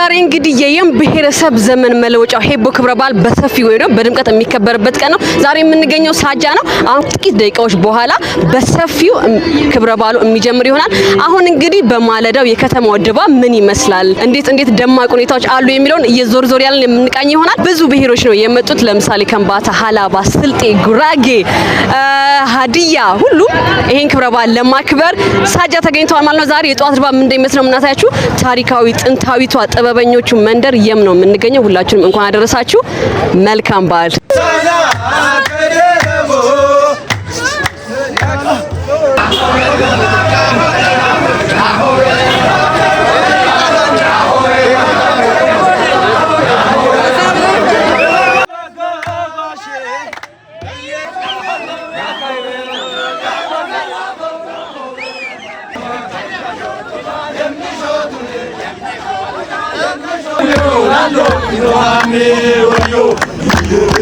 ዛሬ እንግዲህ የየም ብሔረሰብ ዘመን መለወጫው ሄቦ ክብረ በዓል በሰፊ ወይ ነው በድምቀት የሚከበርበት ቀን ነው። ዛሬ የምንገኘው ሳጃ ነው። አሁን ጥቂት ደቂቃዎች በኋላ በሰፊው ክብረ በዓሉ የሚጀምር ይሆናል። አሁን እንግዲህ በማለዳው የከተማው ድባብ ምን ይመስላል፣ እንዴት እንዴት ደማቅ ሁኔታዎች አሉ የሚለውን እየዞር ዞር ያለን የምንቃኝ ይሆናል። ብዙ ብሔሮች ነው የመጡት። ለምሳሌ ከምባታ፣ ሀላባ፣ ስልጤ፣ ጉራጌ ሀዲያ ሁሉም ይሄን ክብረ በዓል ለማክበር ሳጃ ተገኝተዋል ማለት ነው። ዛሬ የጠዋት ድባብ ምን እንደሚመስል ነው የምናሳያችሁ። ታሪካዊ ጥንታዊቷ ጥበበኞቹ መንደር የም ነው የምንገኘው። ሁላችሁንም እንኳን አደረሳችሁ። መልካም በዓል Yo, I know, you know, I know, you know.